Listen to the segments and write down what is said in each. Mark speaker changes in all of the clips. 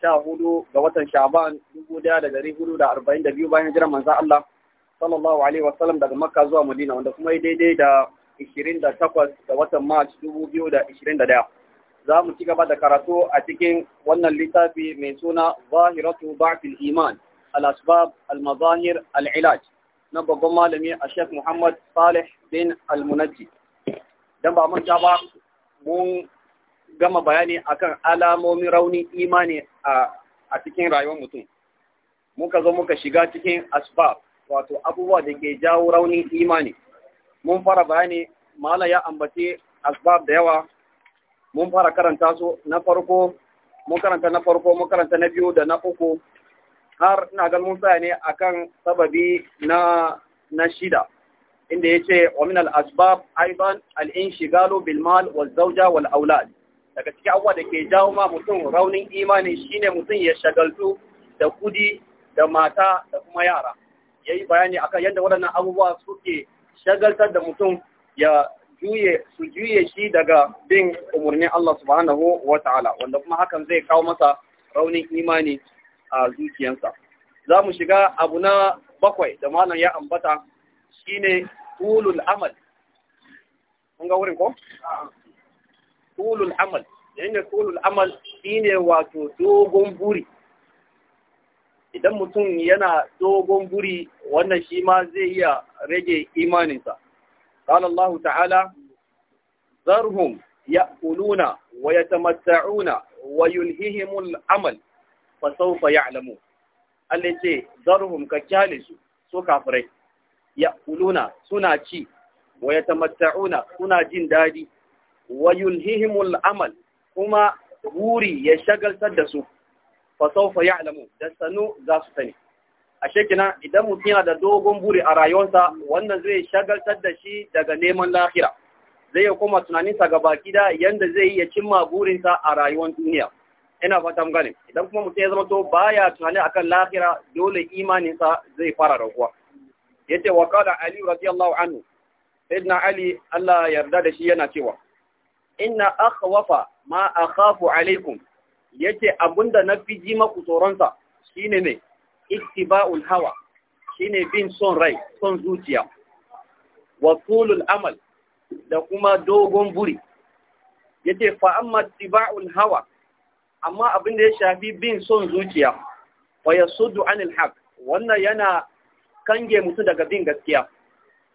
Speaker 1: sha hudu ga watan Shaban dubu daya da dari hudu da arba'in da biyu bayan jiran manzan Allah sallallahu alaihi wasallam daga Makka zuwa Madina wanda kuma yi daidai da ishirin da takwas ga watan March dubu biyu da ishirin da daya. Za mu ci gaba da karatu a cikin wannan littafi mai suna Zahiratu Ba'fil Iman Al-Asbab Al-Mazahir Al-Ilaj na babban malami a shek Muhammad Salih bin al munaji Dan ba mun ba mun gama bayani akan alamomin rauni imani a cikin rayuwar mutum muka zo muka shiga cikin asbab wato abubuwa da ke jawo raunin imani mun fara bayani mala ya ambace asbab da yawa mun fara karanta su na farko mun karanta na farko mun karanta na biyu da na uku har ina ga mun tsaya ne akan sababi na na shida inda yace wa min al asbab aidan al inshigalu bil mal wal zawja wal aulad daga cikin abubuwa da ke jawo ma mutum raunin imani shine mutum ya shagaltu da kudi da mata da kuma yara ya yi bayani akan yadda waɗannan abubuwa suke shagaltar da mutum ya juye su juye shi daga bin umarnin Allah subhanahu wa ta'ala wanda kuma hakan zai kawo masa raunin imani a zuciyarsa za mu shiga abu na bakwai da malam ya ambata shine Ulul amal kun ga wurin ko tulul amal yanyar tulul amal shi ne wato dogon buri idan mutum yana dogon buri wannan shi ma zai iya rage imaninsa Allah ta'ala zarhum ya ƙununa wa ya tamatta'una wa yulhihimul amal fa saufa ya alamu allace zarhum ka kyale su so kafirai ya ƙununa suna ci wayatamatauna suna jin daɗi wa yulhihimul amal kuma buri ya shagaltar da su fa sawfa ya'lamu da sanu za su sani A shekina, idan mutum yana da dogon buri a rayuwarsa wannan zai shagaltar da shi daga neman lahira zai ya koma tunaninsa ga baki da yanda zai ya cimma burinsa a rayuwar duniya ina fata mun gane idan kuma mutum ya zama to baya tunani akan lahira dole imaninsa zai fara raguwa yace wa qala ali radiyallahu anhu sayyidina ali Allah yarda da shi yana cewa inna akhwafa ma akhafu alaikum yace abunda na fi maku tsoronsa shine ne ittiba'ul hawa shine bin son rai son zuciya wa tulul amal da kuma dogon buri yace fa amma ittiba'ul hawa amma abinda ya shafi bin son zuciya fa yasuddu anil haqq wannan yana kange mutum daga bin gaskiya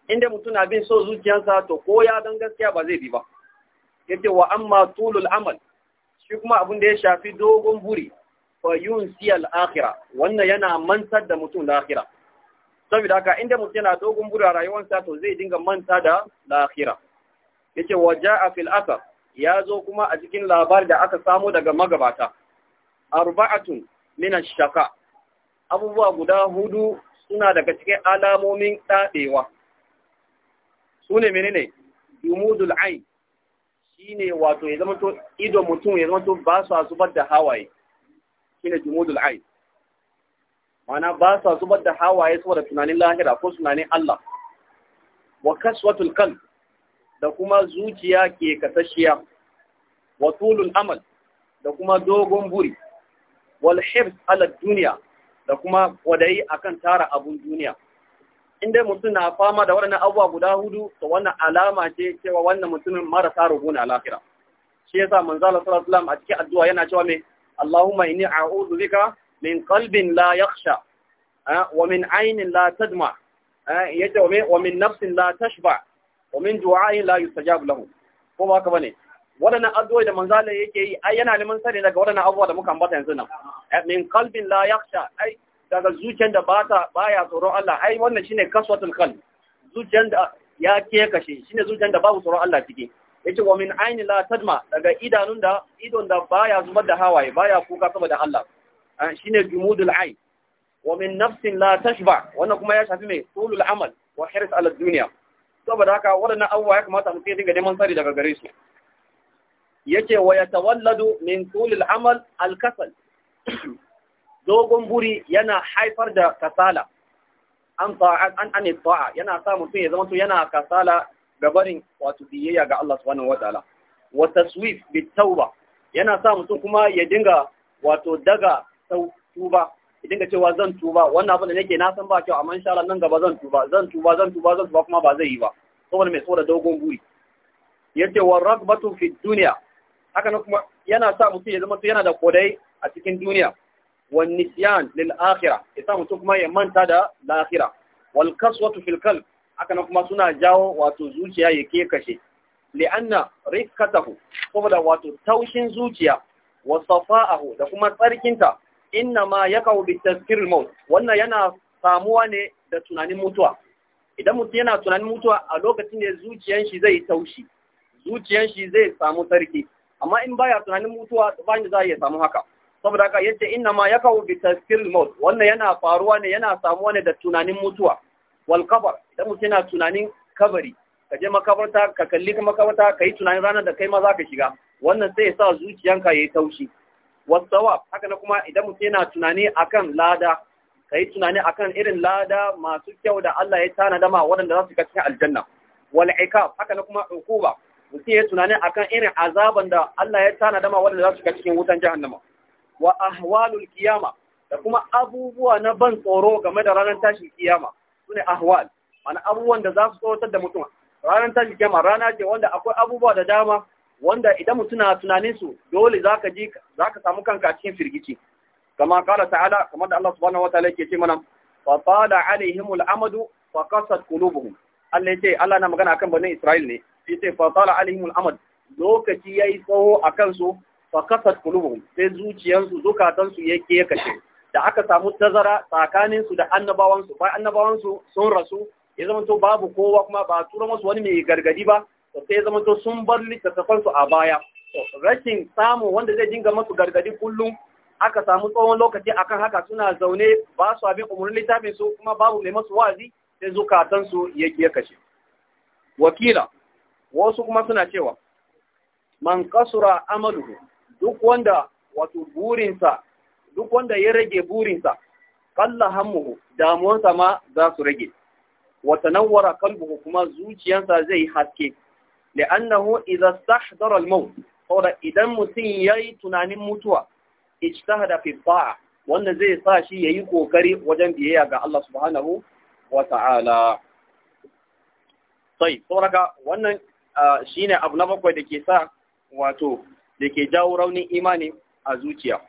Speaker 1: inda mutum na bin son zuciyarsa to ko ya dan gaskiya ba zai bi ba yace wa amma tulul amal shi kuma abin da ya shafi dogon buri fa yun al wannan yana mantar da mutum lahira saboda haka inda mutum yana dogon buri a rayuwarsa to zai dinga manta da lahira yake wa jaa fil asar ya zo kuma a cikin labarin da aka samu daga magabata arba'atun min ash-shaqa abubuwa guda hudu suna daga cikin alamomin dadewa sune menene jumudul ain shine wato ya zama ido mutum ya zama to ba su zubar da hawaye shine jumudul ayn mana ba su zubar da hawaye saboda tunanin lahira ko tunanin Allah wa kaswatul qalb da kuma zuciya ke kasashiya wa tulul amal da kuma dogon buri wal hibs ala duniya da kuma wadai akan tara abun duniya inda mutum na fama da waɗannan abubuwa guda hudu to wannan alama ce cewa wannan mutumin marasa rubuna a lafira shi yasa manzo Allah sallallahu alaihi wasallam a cikin addu'a yana cewa me Allahumma inni a'udhu bika min qalbin la yakhsha eh, wa min aynin la tadma eh, yace wa wa min nafsin la tashba wa min du'a'in la yustajab lahu ko ba ka bane waɗannan addu'o'i da manzo Allah yake yi ai yana neman sani daga waɗannan abubuwa da muka ambata yanzu nan eh, min qalbin la yakhsha ai Daga zuciyar da ba ta baya tsoron Allah ai wannan shine kaswatul kal? zuciyar da ya ke kashe shine zuciyar da babu tsoron Allah cike yace wa min aini la tadma daga idanun da idon da baya zubar da hawaye baya kuka saboda Allah ah, shine jumudul ain wa min nafsin la tashba wannan kuma ya shafi mai tulul amal wa hirs ala dunya saboda haka wadannan abubuwa ya kamata mu ya dinga neman sari daga gare su yace wa yatawalladu min tulul amal al kasal dogon buri yana haifar da kasala an an an ta'a yana sa mutum ya zama to yana kasala ga barin wato biyayya ga Allah subhanahu wataala wa taswif bit tauba yana sa mutum kuma ya dinga wato daga tuba ya dinga cewa zan tuba wannan abin da nake na san ba kyau amma insha Allah nan gaba zan tuba zan tuba zan tuba zan tuba kuma ba zai yi ba saboda mai saboda dogon buri yace wa ragbatu fi dunya haka nan kuma yana sa mutum ya zama yana da kodai a cikin duniya wan nisyan lil akhirah yasa mutum kuma ya manta da lahira wal kaswatu fil qalb kuma suna jawo wato zuciya ya ke kashe li'anna rikkatahu saboda wato taushin zuciya wa safa'ahu da kuma tsarkinta inna ma yaqau bi tazkiril maut wannan yana samuwa ne da tunanin mutuwa idan mutum yana tunanin mutuwa a lokacin da zuciyan zai taushi zuciyan zai samu sarki amma in baya tunanin mutuwa ba za ya samu haka saboda haka yace inna ma yakawu bi tafsiril maut wannan yana faruwa ne yana samuwa ne da tunanin mutuwa wal qabr idan mutum yana tunanin kabari ka je makabarta ka kalli makabarta ka yi tunanin ranar da kai ma za ka shiga wannan sai ya sa zuciyanka ya yi taushi sawab haka na kuma idan mutum yana tunani akan lada ka yi tunani akan irin lada masu kyau da Allah ya tana dama waɗanda za su cikin aljanna wal ikab haka na kuma ukuba mutum ya tunani akan irin azaban da Allah ya tana dama waɗanda za su cikin wutan jahannama wa ahwalul kiyama da kuma abubuwa na ban tsoro game da ranar tashin kiyama sune ahwal ana abubuwan da za su tsoratar da mutum ranar tashin kiyama rana ce wanda akwai abubuwa da dama wanda idan mutum na tunanin su dole zaka ji zaka samu kanka a cikin firgici kama kala ta'ala kamar da Allah subhanahu wataala yake ce mana fa tala alaihimul amadu fa qasat qulubuhum Allah yace Allah na magana akan banin Isra'il ne yace fa tala alaihimul amad lokaci yayi tsawo akan su Fakasar kulubun sai zuciyansu zukatansu ya ke kashe da aka samu tazara tsakaninsu da annabawansu bayan annabawansu sun rasu ya zama to babu kowa kuma ba tura masu wani mai gargadi ba to sai ya zama to sun bar littattafansu a baya rashin samu wanda zai dinga masu gargadi kullum aka samu tsawon lokaci akan haka suna zaune ba su abin umarnin littafin kuma babu mai masu wazi sai zukatansu ya ke kashe wakila wasu kuma suna cewa man kasura amaluhu duk wanda wato burinsa duk wanda ya rage burinsa kalla hammuhu damuwansa ma za su rage wata nawara kalbuhu kuma zuciyansa zai haske li'annahu idza stahdara al-maut saboda idan mutum yayi tunanin mutuwa ijtahada fi ta'a wanda zai sa shi yayi kokari wajen biyayya ga Allah subhanahu wa ta'ala sai sauraka wannan ah, shine abu na bakwai dake sa wato da ke jawo raunin imani a zuciya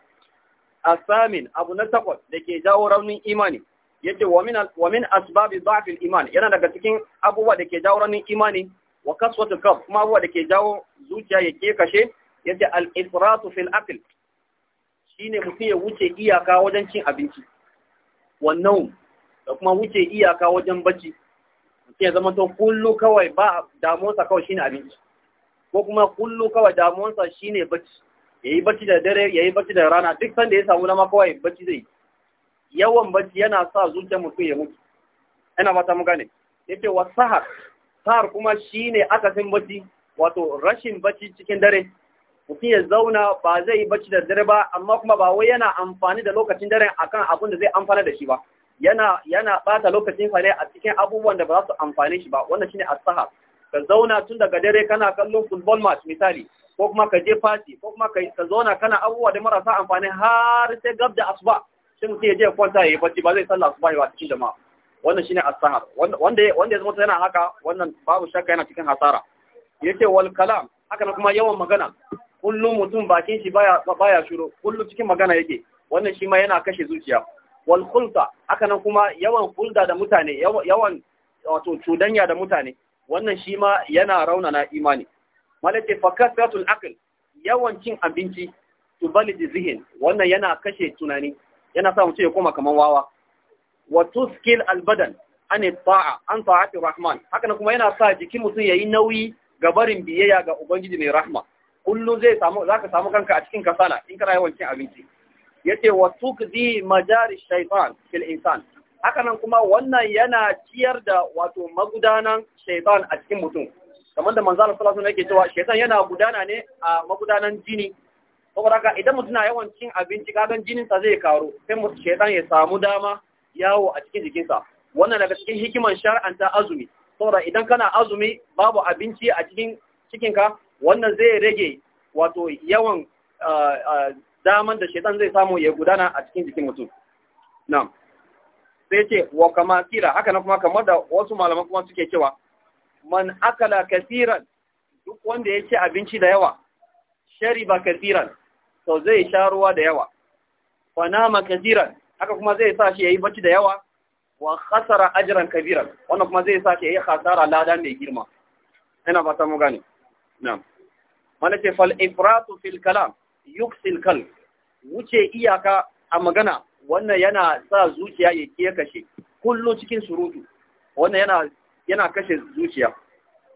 Speaker 1: asamin abu na takwas da ke jawo raunin imani yadda wa min asbabi dha'fil iman yana daga cikin abubuwa da ke jawo raunin imani wa kaswatu kaf kuma abubuwa da ke jawo zuciya ya ke kashe yace al fil fil shi ne mutum ya wuce iyaka wajen cin abinci wannan da kuma wuce iyaka wajen bacci mutum ya zama to kullu kawai ba damuwarsa kawai ne abinci ko kuma kullu kawai damuwansa shi ne bacci Ya yi bacci da dare ya yi bacci da rana duk sanda ya samu dama kawai bacci zai yawan bacci yana sa zuciyar mutum ya mutu ina fata mu gane ce wa sahar sahar kuma shi aka akasin bacci wato rashin bacci cikin dare mutum ya zauna ba zai yi bacci da dare ba amma kuma ba wai yana amfani da lokacin daren akan abin da zai amfana da shi ba yana yana bata lokacin sa a cikin abubuwan da ba za su amfane shi ba wannan ne a sahar ka zauna tun daga dare kana kallon football match misali ko kuma ka je fati ko kuma ka zauna kana abubuwa da marasa amfani har sai gab da asuba sai mutum ya je kwanta ya yi bacci ba zai sallah asuba ba cikin jama'a wannan shine asahar wanda wanda ya zama yana haka wannan babu shakka yana cikin hasara yace wal kalam haka kuma yawan magana kullum mutum bakin shi baya baya shuru kullum cikin magana yake wannan shi ma yana kashe zuciya wal khulta haka kuma yawan hulda da mutane yawan wato cudanya da mutane wannan shi ma yana raunana imani malaka fa kasratul aql yawan cin abinci tubalid zihin wannan yana kashe tunani yana sa mutum ya koma kaman wawa wa tuskil albadan an ta'a an ta'ati rahman haka kuma yana sa jikin mutum yayi nauyi ga barin biyayya ga ubangiji mai rahma kullu zai samu zaka samu kanka a cikin kasala in kana yawan cin abinci yace wa tukdi majari shaytan fil insan hakanan kuma wannan yana ciyar da wato magudanan shaitan a cikin mutum kamar da manzala sallallahu alaihi yake cewa shaitan yana gudana ne a magudanan jini saboda haka idan mutum na yawan cin abinci kagan jinin sa zai karu, sai mutum shaitan ya samu dama yawo a cikin jikinsa wannan daga cikin hikiman shar'anta azumi saboda idan kana azumi babu abinci a cikin cikinka wannan zai rage wato yawan ah, ah, daman da shaitan zai samu ya gudana a cikin jikin mutum na'am sai ce wa kama kira haka nan kuma kamar da wasu malaman kuma suke cewa man akala kasiran duk wanda ya ci abinci da yawa shariba kasiran to zai sha ruwa da yawa wa nama kasiran haka kuma zai sa shi yayi bacci da yawa wa khasara ajran kabiran wannan kuma zai sa shi yayi khasara lada mai girma ina ta mu gane na'am malaka fal ifratu fil kalam yuksil kal wuce iyaka a magana wannan yana sa zuciya ya ke kashe kullu cikin surutu wannan yana yana kashe zuciya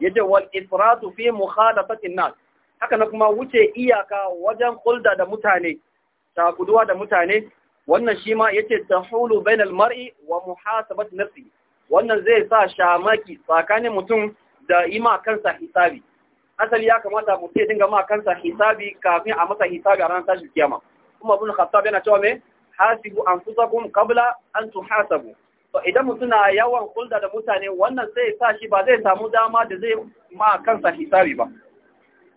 Speaker 1: yaje wal ifratu fi mukhalafati nas haka na kuma wuce iyaka wajen hulda da mutane ta guduwa da mutane wannan shi ma yace tahulu bainal mar'i wa muhasabati nafsi wannan zai sa shamaki tsakanin mutum da ima kansa hisabi asali ya kamata mutum ya dinga ma kansa hisabi kafin a masa hisabi a ranar tashin kiyama kuma abin khattab yana cewa me hasibu an anfusakum kabla an tuhasabu to idan mutum na yawan kulda da mutane wannan sai ya sa shi ba zai samu dama da zai ma kansa hisabi ba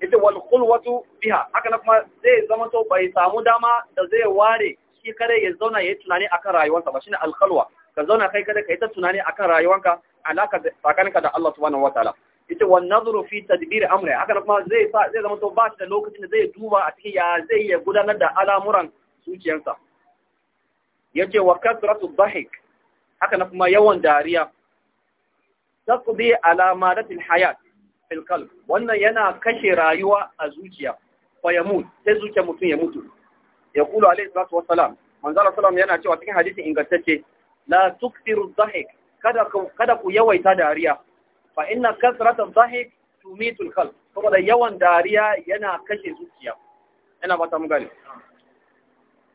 Speaker 1: ita wal khulwatu biha haka na kuma zai zama to bai samu dama da zai ware shi kare ya zauna ya yi tunani akan rayuwarsa ba shine al ka zauna kai kare ka yi ta tunani akan rayuwarka alaka tsakaninka da Allah subhanahu wataala ita wani Nazaru, fi tadbir amri haka kuma zai zai zama to ba shi da lokacin da zai duba a cikin ya zai ya gudanar da al'amuran zuciyarsa yace wa kasratu dhahik haka na kuma yawan dariya taqdi alamadatil hayat fil qalb wannan yana kashe rayuwa a zuciya fa yamut sai zuciya mutum ya mutu ya kulu alayhi salatu wassalam sallam yana cewa cikin hadisi ingantacce la tukthiru dhahik kada ku kada ku yawaita dariya fa inna kasratu dhahik tumitul qalb saboda yawan dariya yana kashe zuciya yana ba ta mu gani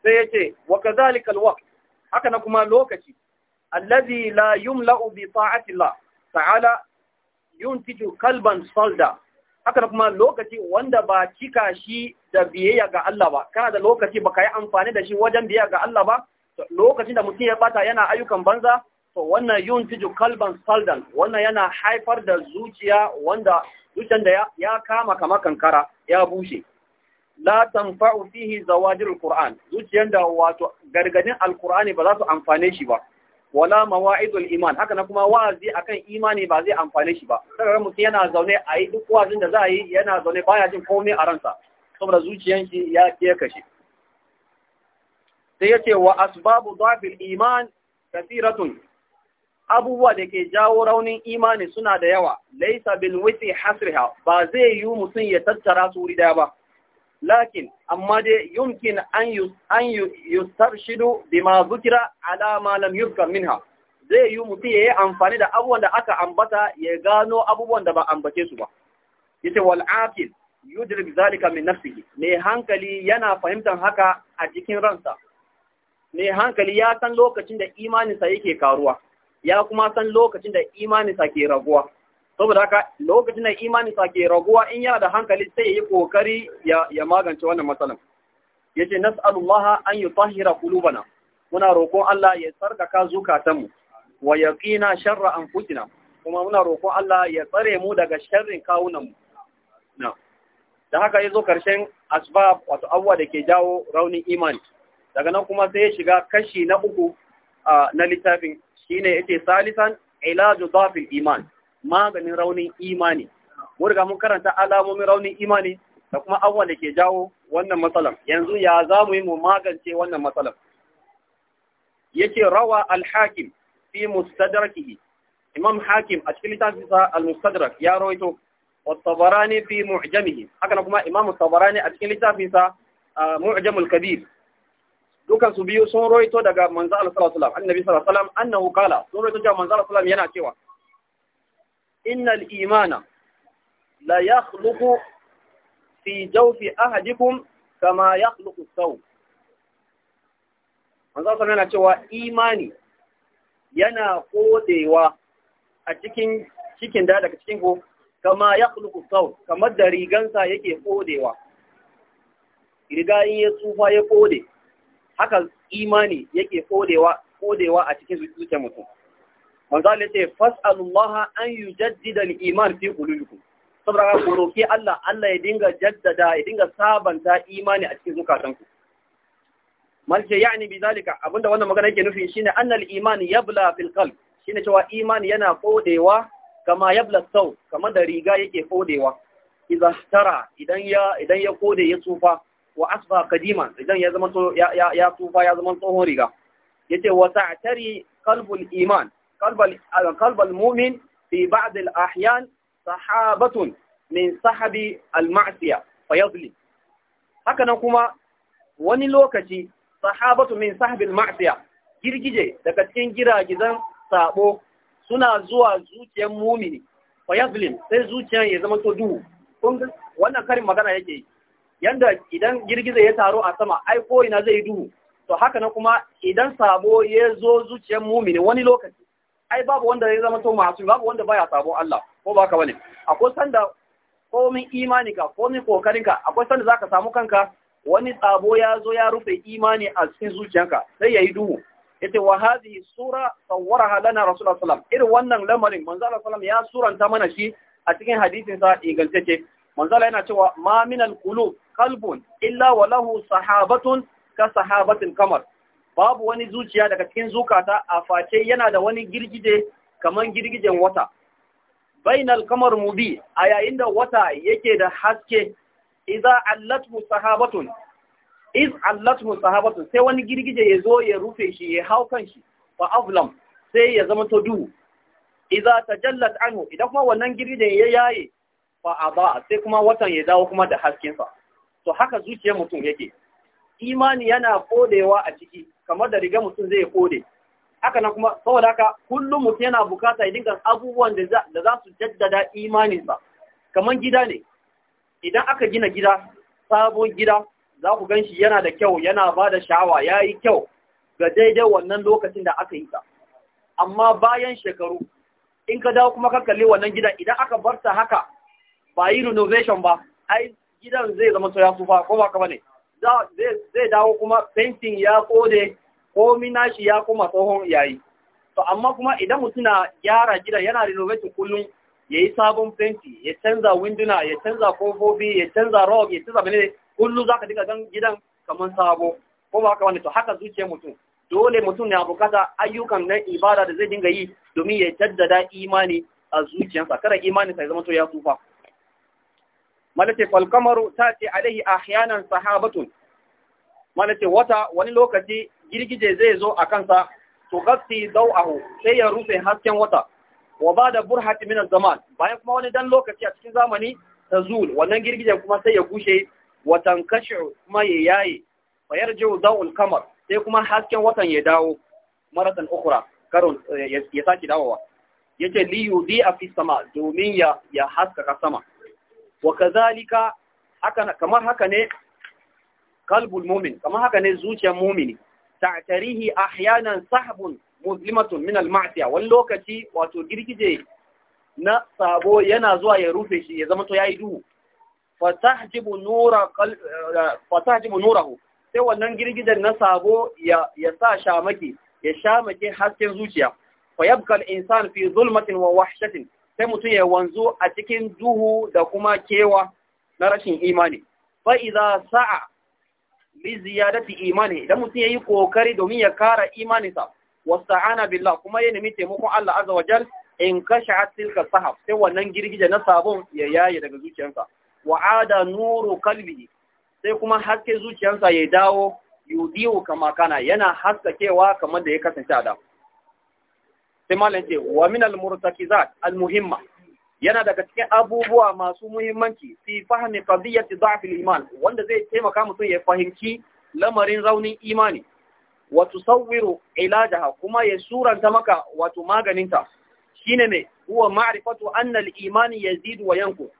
Speaker 1: sai yace wa kadhalika alwaqt haka na kuma lokaci allazi la yumla'u bi ta'ati Allah ta'ala yuntiju kalban salda haka na kuma lokaci wanda ba cika shi da biyayya ga Allah ba kana da lokaci baka yi amfani da shi wajen biyayya ga Allah ba lokacin da mutum ya bata yana ayyukan banza to wannan yuntiju kalban saldan wannan yana haifar da zuciya wanda zuciyar da ya kama kamar kankara ya bushe la tanfa'u fihi zawajirul qur'an zuciyar da wato gargadin alqur'ani ba za su amfane shi ba wala mawa'idul iman haka na kuma wa'azi akan imani ba zai amfane shi ba kaga mutum yana zaune a yi duk wa'azin da za yi yana zaune baya jin komai a ransa saboda zuciyar shi ya ke kashe. sai yace wa asbabu dhafil iman kathiratun abubuwa da ke jawo raunin imani suna da yawa laisa bil wisi hasriha ba zai yi mutum ya tattara su wuri daya ba lakin amma dai yumkin an yustarshidu bima zukira ala ma lam yuzkar minha zai yi mutum ya yi amfani da abubuwan da aka ambata ya gano abubuwan da ba ambace su ba yace wal aqil yudrik zalika min nafsihi mai hankali yana fahimtar haka a cikin ransa mai hankali ya san lokacin da imaninsa yake karuwa ya kuma san lokacin da imaninsa ke raguwa saboda haka lokacin da imani sa ke raguwa in yana da hankali sai yi kokari ya magance wannan matsalan Ya yace nas'alullah an tahira kulubana. muna roƙon Allah ya tsarkaka zukatanmu wa yaqina sharra anfusina kuma muna roƙon Allah ya tsare mu daga sharrin kawunanmu na da haka yazo karshen asbab wato abuwa da ke jawo raunin imani daga nan kuma sai ya shiga kashi na uku na littafin shine yace salisan ilaju dhafil iman maganin raunin imani mun mun karanta alamomin raunin imani da kuma abubuwan da ke jawo wannan matsalan yanzu ya za mu yi mu magance wannan matsalan yake rawa al-hakim fi mustadrakihi imam hakim a cikin littafin sa al-mustadrak ya rawaito wa tabarani fi mu'jamihi haka kuma imam tabarani a cikin littafin sa mu'jamul kabir dukan su biyu sun rawaito daga manzo Allah sallallahu alaihi wasallam annabi sallallahu alaihi wasallam annahu qala sun rawaito daga manzo Allah sallallahu alaihi wasallam yana cewa إن الإيمان لا يخلق في جوف ahadikum كما يخلق saw manzo sami yana cewa imani yana kodewa a cikin cikin da daga cikin ko kama yakhluqu sau kamar da rigansa yake kodewa riga in ya tsufa ya kode haka imani yake kodewa kodewa a cikin zuciyar mutum manzo Allah ce fas'alullaha an yujaddida al-iman fi qulubikum saboda ka roki Allah Allah ya dinga jaddada ya dinga sabanta imani a cikin zukatanku malke yani bi zalika abinda wannan magana yake nufi shine annal iman yabla fil qalb shine cewa iman yana kodewa kama yabla sau kama da riga yake kodewa idan tara idan ya idan ya kode ya tsufa wa asba kadima idan ya zama ya ya tsufa ya zama tsohon riga yace wa ta'tari qalbul iman قلب المؤمن في بعض الأحيان صحابة min sahabi al-ma'siya kuma wani lokaci sahabatu min sahabi al-ma'siya girgije daga cikin giragizan sabo suna zuwa zuciyar mumini fa yadhlim sai zuciyar ya zama duhu wannan karin magana yake yanda idan girgije ya taro a sama ai ko ina zai duhu to haka kuma idan sabo ya zo zuciyar mumini wani lokaci ai babu wanda ya zama to masu babu wanda baya sabon Allah ko baka bane akwai sanda komin imani ka komin kokarin ka akwai sanda zaka samu kanka wani tsabo ya zo ya rufe imani a cikin zuciyanka sai yayi duhu yace wa hadhihi sura sawwaraha lana rasulullah sallallahu irin wannan lamarin manzo Allah sallallahu ya suranta mana shi a cikin hadisin sa ingantacce manzo Allah yana cewa ma minal qulub qalbun illa wa sahabatun ka sahabatun kamar. babu wani zuciya daga cikin zukata a face yana da wani girgije kamar girgijen wata bainal kamar mubi a yayin da wata yake da haske iza allatu sahabatun iz allatu sahabatun sai wani girgije ya zo ya rufe shi ya hau kan shi fa aflam sai ya zama to duhu ta tajallat anhu idan kuma wannan girgijen ya yaye fa aba sai kuma watan ya dawo kuma da haskensa to haka zuciyar mutum yake imani yana kodewa a ciki kamar da riga mutum zai kode haka nan kuma saboda haka kullum mutum yana bukata ya dinga abubuwan da za su jaddada imaninsa kamar gida ne idan aka gina gida sabon gida za ku gan shi yana da kyau yana ba da sha'awa ya yi kyau ga daidai wannan lokacin da aka yi ta amma bayan shekaru in ka dawo kuma ka wannan gida, idan aka bar ta haka ba yi renovation ba ai gidan zai zama so ya tsufa ko ba ka ne. zai dawo kuma fentin ya kode komi minashi ya kuma tsohon yayi to amma kuma idan mutum na gyara gida yana renovating kullum ya yi sabon fenti ya canza winduna ya canza kofofi ya canza rog ya canza bane kullum za ka diga gan gidan kamar sabo ko ba ka wani to haka zuciya mutum dole mutum na bukata ayyukan nan ibada da zai dinga yi domin ya jaddada imani a zuciyarsa kada imaninsa ya zama to ya tufa malake falkamaru ta ce alaihi ahyanan sahabatun malake wata wani lokaci girgije zai zo a kansa to gasti dau'ahu sai ya rufe hasken wata wa ba da burhati min zaman bayan kuma wani dan lokaci a cikin zamani ta tazul wannan girgije kuma sai ya gushe watan kashu kuma ya yaye fa yarji'u dawul kamar sai kuma hasken watan ya dawo maratan ukhra karon eh, ya sake dawowa yace li yudi a fi sama domin ya ya haskaka sama wa kazalika haka kamar haka ne kalbul mumin kamar haka ne zuciyar mumini ta'tarihi ahyanan sahbun muslimatun min al-ma'siya wani lokaci wato girgije na sabo yana zuwa ya rufe shi ya zama to yayi duhu fatahjibu nura eh, fatahjibu nurahu sai wannan girgijen na sabo ya ya sa shamaki ya shamake hasken zuciya fa yabqa al-insan fi zulmatin wa wahshatin sai mutum ya wanzu a cikin duhu da kuma kewa na rashin imani fa iza sa'a li ziyadati imani idan mutum yayi kokari domin ya kara imaninsa wasta'ana billah kuma ya nemi taimakon Allah azza wa jal in kashe tilka sahab sai wannan girgije na sabon ya yaye daga zuciyarsa wa ada nuru qalbihi sai kuma haske zuciyarsa ya dawo yudiu kama kana yana haskakewa kamar da ya kasance a da sai malam ce wa min al-murtakizat al-muhimma yana daga cikin abubuwa masu muhimmanci fi fahmi qadiyati da'f al-iman wanda zai taimaka mutum ya fahimci lamarin raunin imani wa tusawwiru ilajaha kuma ya suranta maka wato maganinta shine ne huwa ma'rifatu anna al-iman yazidu wa yanqus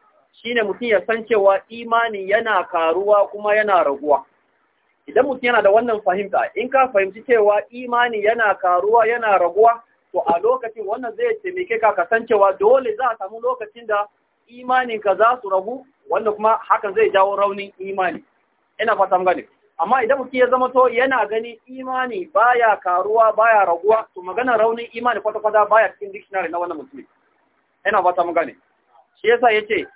Speaker 1: shine mutum ya san cewa imani yana karuwa kuma yana raguwa idan mutum yana da wannan fahimta in ka fahimci cewa imani yana karuwa yana raguwa to a lokacin wannan zai taimake ka kasancewa dole za a samu lokacin da imaninka za su ragu wanda kuma hakan zai jawo raunin imani ina fatan gani amma idan mutum ya zama to yana gani imani baya karuwa baya raguwa to magana raunin imani kwata-kwata baya cikin dictionary na wannan musulmi ina fatan gani shi yasa yace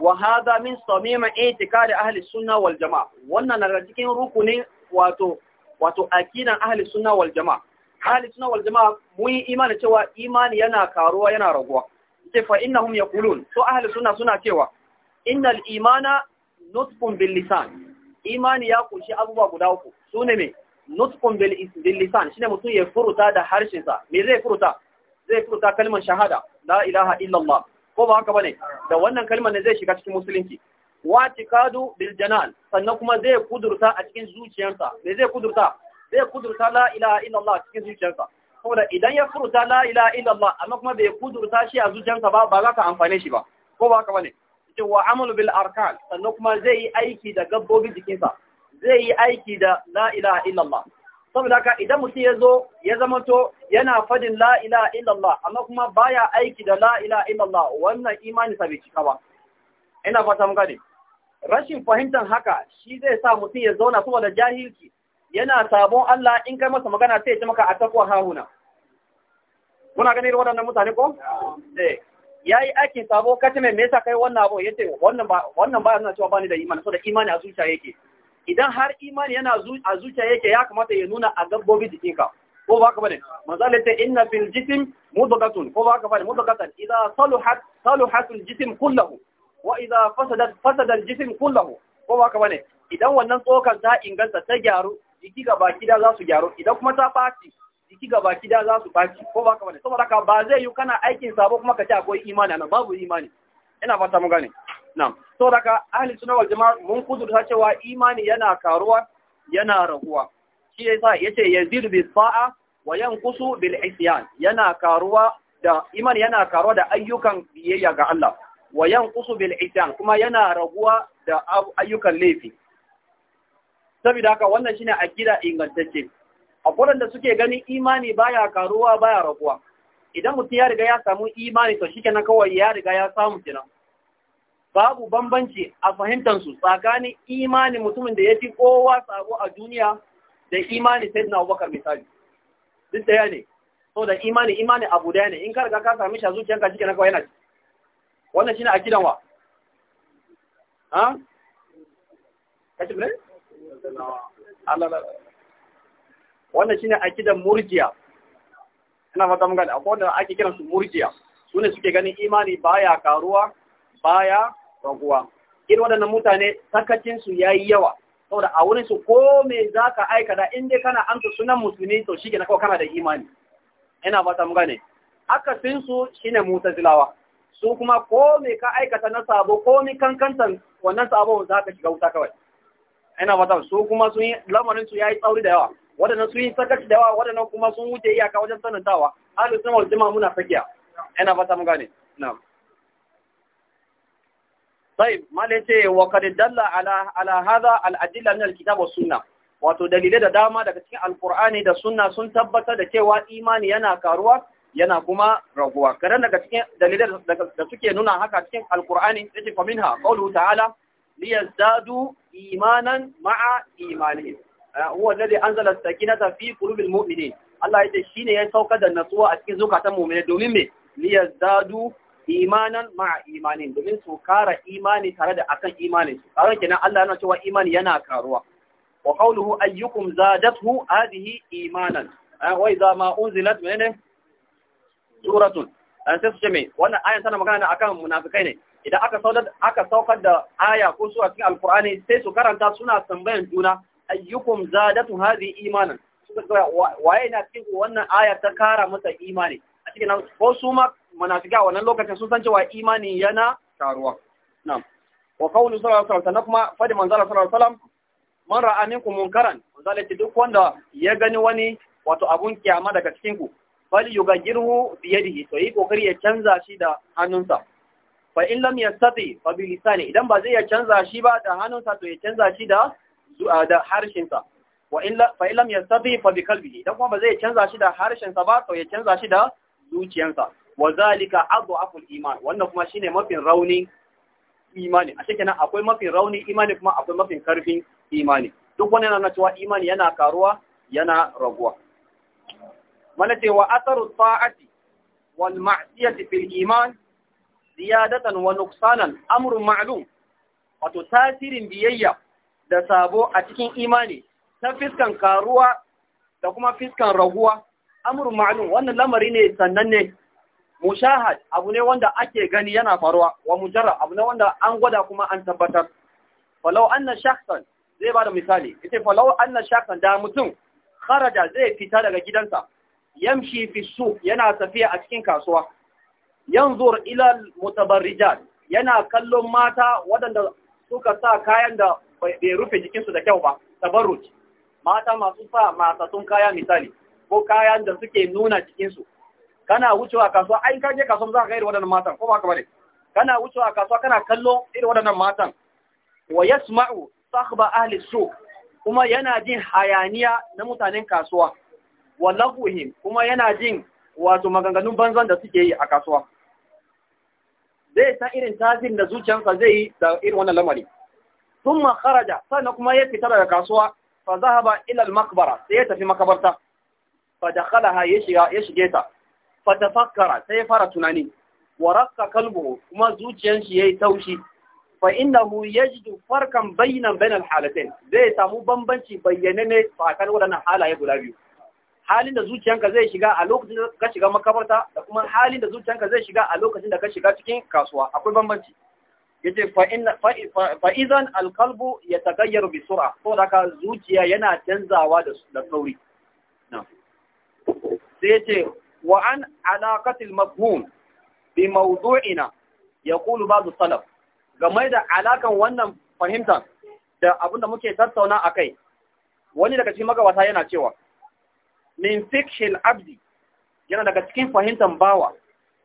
Speaker 1: wa hadha min samima i'tiqad ahli sunna wal jamaa wannan daga cikin rukunin wato wato akidan ahli sunna wal jamaa ahli sunna wal jamaa mun yi imani cewa imani yana karuwa yana raguwa ce fa innahum yaqulun so ahli sunna suna cewa innal imana nutqun bil lisan imani ya kunshi abubuwa guda uku sune me nutqun bil lisan shine mutum ya furuta da harshen sa me zai furuta zai furuta kalmar shahada la ilaha illallah ko ba haka bane da wannan kalmar ne zai shiga cikin musulunci wa tiqadu bil janan sannan kuma zai kudurta a cikin zuciyarsa me zai kudurta zai kudurta la'ila ilaha illallah cikin zuciyarsa saboda idan ya furta la'ila ilaha illallah amma kuma bai kudurta shi a zuciyarsa ba ba za ka amfane shi ba ko ba ka bane ce wa amalu bil arkan sannan kuma zai yi aiki da gabbobi jikinsa zai yi aiki da la'ila ilaha illallah saboda haka idan mutum ya zo ya to yana fadin la'ila ilaha illallah amma kuma baya aiki da la'ila ilaha illallah wannan imani sa bai cika ba ina fata mun gane rashin fahimtar haka shi zai sa mutum ya zauna saboda jahilci yana sabon Allah in kai masa magana sai ya ci maka a takwa hahuna kuna ganin waɗannan mutane ko eh yayi aikin sabo kace me yasa kai wannan abu yace wannan ba wannan ba yana cewa bani da imani saboda imani a zuciya yake idan har imani yana a zuciya yake ya kamata ya nuna a gabbobi jikinka ko ba ka bane manzala ta inna fil jism mudaqatun ko ba ka bane mudaqatan idza saluhat saluhat al jism kulluhu wa idza fasadat fasada al jism kulluhu ko ba ka bane idan wannan tsokar ta inganta ta gyaru jiki ga baki da za su gyaru idan kuma ta ɓaci jiki ga baki da za su ɓaci ko ba kamar saboda ka ba zai yi kana aikin sabo kuma ka ce akwai imani ana babu imani ina fata mu gane na'am saboda ka ahli sunna wal jama'a mun ta cewa imani yana karuwa yana raguwa shi yasa yace yazid bi sa'a wa yanqusu bil isyan yana karuwa da imani yana karuwa da ayyukan biyayya ga Allah wa yanqusu bil isyan kuma yana raguwa da ayyukan laifi saboda haka wannan shine akida ingantacce akwai da suke ganin imani baya karuwa baya raguwa idan mutum ya riga ya samu imani to shikenan kawai ya riga ya samu kina babu bambanci a fahimtar su tsakanin imani mutumin da yafi kowa sabo a duniya da imani sai na Abubakar misali duk da ne so da imani imani abu da ne in ka riga ka sami shi a zuciyarka shikenan kawai yana wannan shine akidan wa ha kace ne wannan shine akidan murjiya ina fata mun gane akwai wanda ake kiran su murjiya su ne suke ganin imani baya karuwa baya raguwa irin waɗannan mutane sakacin su yayi yawa saboda a wurin su ko me zaka aikata in dai kana amsa sunan musulmi to shi kawai kana da imani ina fata mun gane akasin su shine mutazilawa su kuma ko me ka aikata na sabo ko ni kankantan wannan sabo zaka shiga wuta kawai ina fata su kuma sun yi lamarin su yayi tsauri da yawa wadannan sun yi sakaci da yawa wadannan kuma sun wuce iyaka wajen sanantawa ahlus sunna wal jamaa muna sakiya ina fata mu gane na'am طيب ما ليس وقد دل على على هذا الادله من الكتاب والسنه wato dalilai da dama daga cikin alkur'ani da sunna sun tabbatar da cewa imani yana karuwa yana kuma raguwa kadan daga cikin dalilai da suke nuna haka cikin alkur'ani yake fa minha qawluhu ta'ala liyazdadu imanan ma'a imanihim eh, huwa alladhi anzala saki na tafi qulubil mu'minin Allah shi ne ya saukar da natsuwa a cikin zukatan mu'mini domin me liyazdadu imanan ma'a imanin domin su kara imani tare da akan imanin su kenan Allah yana cewa imani yana karuwa wa qawluhu ayyukum zadathu hadhihi imanan eh, wa za ma unzilat menene suratun an eh, sai su ce me wannan ayan tana magana akan munafikai ne idan aka saukar aka saukar da aya ko a cikin alkur'ani sai su karanta suna tambayan juna ayyukum zadatu hadhihi imanan suka ga waye na cikin wannan aya ta kara masa imani a cikin ko su ma munafika wannan lokacin sun san cewa imani yana karuwa na'am wa qawlu sallallahu alaihi wasallam kuma fadi manzala sallallahu alaihi wasallam man ra'a minkum munkaran manzala duk wanda ya gani wani wato abun kiyama daga cikin ku bal yugajirhu bi yadihi to yi kokari ya canza shi da hannunsa fa in lam yastati fa bi lisani idan ba zai ya canza shi ba da hannunsa to ya canza shi da da harshensa wa in fa in lam yastati fa bi qalbihi idan kuma ba zai canza shi da harshensa ba to ya canza shi da zuciyarsa wa zalika aful, iman wannan kuma shine mafin rauni imani a cikin akwai mafin rauni imani kuma akwai mafin karfin imani duk wani yana cewa imani yana karuwa yana raguwa mana cewa asaru ta'ati wal ma'siyati fil iman ziyadatan wa nuqsanan amurin ma'lum wato tasirin biyayya da sabo a cikin imani ta fiskan karuwa da kuma fiskan raguwa amurin ma'lum wannan lamari ne sannan ne mushahad abu ne wanda ake gani yana faruwa wa mujarra abu ne wanda an gwada kuma an tabbatar falau anna shakhsan zai bada misali ita falau anna shakhsan da mutum kharaja zai fita daga gidansa yamshi fi suq yana tafiya a cikin kasuwa yanzu ila mutabarrijat yana kallon mata waɗanda suka sa kayan da bai rufe jikinsu da kyau ba tabarruj mata masu sa masatun kaya misali ko kayan da suke nuna jikinsu kana wucewa kasuwa ai kaje kasuwa za ka ga irin waɗannan matan ko ba ka bane kana wucewa kasuwa kana kallo irin waɗannan matan wa yasma'u sahba ahli suq kuma yana jin hayaniya na mutanen kasuwa wa lahuhim kuma yana jin wato maganganun banzan da suke yi a kasuwa zai san irin tasirin da zuciyarsa zai yi da irin wannan lamari thumma makaraja sannan kuma ya fita daga kasuwa fa zahaba ba al makabara, sai ya tafi makabarta fa da ya ya shige ta fa tafakkara sai ya fara tunani wa raqqa kuma zuciyar ya yayi taushi fa innahu yajidu farkan bayna bayna al zai samu bambanci ne tsakanin waɗannan halaye guda biyu halin da zuciyanka zai shiga a lokacin da ka shiga makabarta da kuma halin da zuciyanka zai shiga a lokacin da ka shiga cikin kasuwa akwai bambanci yace fa inna fa idan alqalbu yataghayyaru bi sur'a to haka zuciya yana canzawa da da sauri sai yace wa an alaqati almafhum bi mawdu'ina yaqulu ba'd salaf game da alakan wannan fahimta da abinda muke tattauna akai wani daga cikin magabata yana cewa min fikhil abdi yana daga cikin fahimtar bawa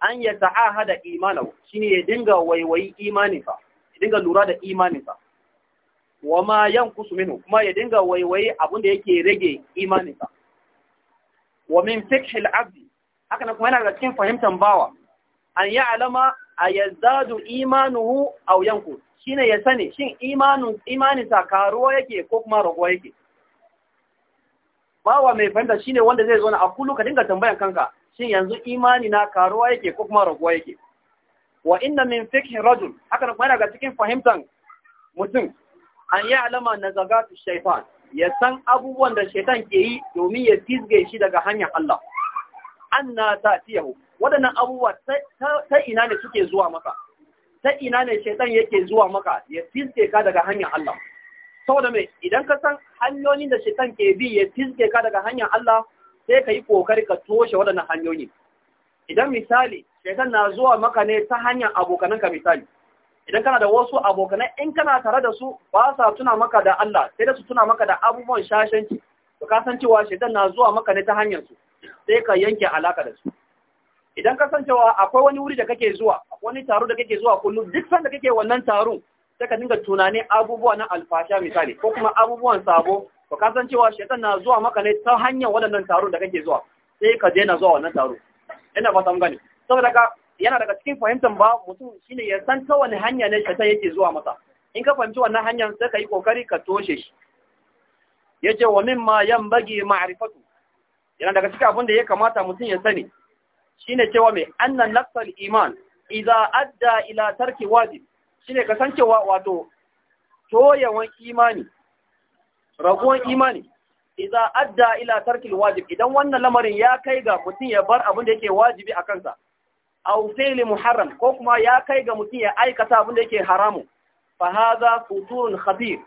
Speaker 1: an ya ta'ahada shi shine ya dinga waiwayi imaninsa ya dinga lura da imaninsa wa ma yankusu minhu kuma ya dinga waiwayi abinda yake rage imaninsa wa min fikhil abdi haka nan kuma yana daga cikin fahimtar bawa an ya alama a yazdadu imanuhu aw yankus shine ya sani shin imanin imaninsa karuwa yake ko kuma raguwa yake bawa mai fahimta shine wanda zai zauna a kullu ka dinga tambayan kanka shin yanzu imani na karuwa yake ko kuma raguwa yake wa inna min fiqhi rajul haka na kuma daga cikin fahimtan mutum an yi alama na zagatu shaitan ya san abubuwan da shaitan ke yi domin ya fizge shi daga hanyar Allah an na ta tiyahu waɗannan abubuwa ta ina ne suke zuwa maka ta ina ne shaitan yake zuwa maka ya fizge ka daga hanyar Allah saboda mai idan ka san hanyoyin da shaitan ke bi ya fiske ka daga hanyar Allah sai ka yi kokari ka toshe waɗannan hanyoyi idan misali shaitan na zuwa maka ne ta hanyar abokanan ka misali idan kana da wasu abokanan in kana tare da su ba sa tuna maka da Allah sai da su tuna maka da abubuwan shashanci to ka san cewa shaitan na zuwa maka ne ta hanyar su sai ka yanke alaka da su idan ka san cewa akwai wani wuri da kake zuwa akwai wani taro da kake zuwa kullum duk sanda kake wannan taron sai ka dinga tunani abubuwa na alfasha misali ko kuma abubuwan sabo to ka san cewa shaitan na zuwa maka ne ta hanyar waɗannan taro da kake zuwa sai ka daina zuwa wannan taro ina ba mun gani. saboda ka yana daga cikin fahimtar ba mutum shine ya san ta wani hanya ne shaitan yake zuwa masa in ka fahimci wannan hanyar sai ka yi kokari ka toshe shi yace wa mimma bagi ma'rifatu yana daga cikin abin da ya kamata mutum ya sani shine cewa mai annan nafsal iman idza adda ila tarki wajib shine kasancewa wato toyawan imani raguwan imani idza adda ila tarkil wajib idan wannan lamarin ya kai ga mutum ya bar abin da yake wajibi a kansa aw fi'l muharram ko kuma ya kai ga mutum ya aikata abin da yake haramu fa hadha futurun khabir